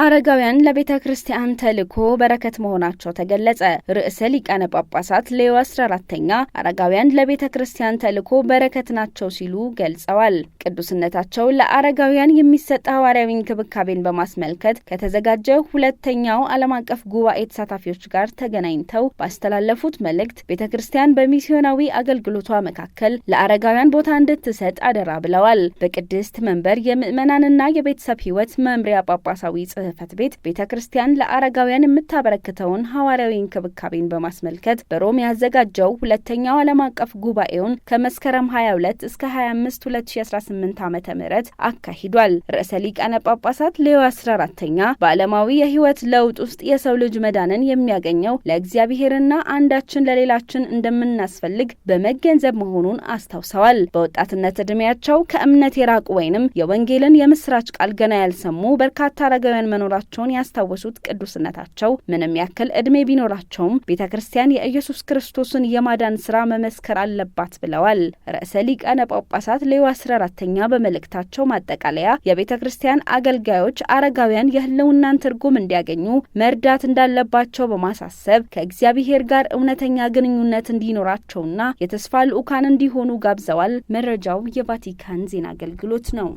አረጋውያን ለቤተ ክርስቲያን ተልእኮ በረከት መሆናቸው ተገለጸ። ርዕሰ ሊቃነ ጳጳሳት ሌዮ 14ተኛ አረጋውያን ለቤተ ክርስቲያን ተልእኮ በረከት ናቸው ሲሉ ገልጸዋል። ቅዱስነታቸው ለአረጋውያን የሚሰጥ ሐዋርያዊ እንክብካቤን በማስመልከት ከተዘጋጀ ሁለተኛው ዓለም አቀፍ ጉባኤ ተሳታፊዎች ጋር ተገናኝተው ባስተላለፉት መልእክት ቤተ ክርስቲያን በሚስዮናዊ አገልግሎቷ መካከል ለአረጋውያን ቦታ እንድትሰጥ አደራ ብለዋል። በቅድስት መንበር የምዕመናንና የቤተሰብ ሕይወት መምሪያ ጳጳሳዊ ጽ ጽህፈት ቤት ቤተ ክርስቲያን ለአረጋውያን የምታበረክተውን ሐዋርያዊ እንክብካቤን በማስመልከት በሮም ያዘጋጀው ሁለተኛው ዓለም አቀፍ ጉባኤውን ከመስከረም 22 እስከ 25 2018 ዓ ም አካሂዷል። ርዕሰ ሊቃነ ጳጳሳት ሌዮ 14ተኛ በዓለማዊ የህይወት ለውጥ ውስጥ የሰው ልጅ መዳንን የሚያገኘው ለእግዚአብሔርና አንዳችን ለሌላችን እንደምናስፈልግ በመገንዘብ መሆኑን አስታውሰዋል። በወጣትነት ዕድሜያቸው ከእምነት የራቁ ወይንም የወንጌልን የምስራች ቃል ገና ያልሰሙ በርካታ አረጋውያን መኖራቸውን ያስታወሱት ቅዱስነታቸው ምንም ያክል እድሜ ቢኖራቸውም ቤተ ክርስቲያን የኢየሱስ ክርስቶስን የማዳን ስራ መመስከር አለባት ብለዋል። ርዕሰ ሊቃነ ጳጳሳት ሌዮ አስራ አራተኛ በመልእክታቸው ማጠቃለያ የቤተ ክርስቲያን አገልጋዮች አረጋውያን የህልውናን ትርጉም እንዲያገኙ መርዳት እንዳለባቸው በማሳሰብ ከእግዚአብሔር ጋር እውነተኛ ግንኙነት እንዲኖራቸውና የተስፋ ልዑካን እንዲሆኑ ጋብዘዋል። መረጃው የቫቲካን ዜና አገልግሎት ነው።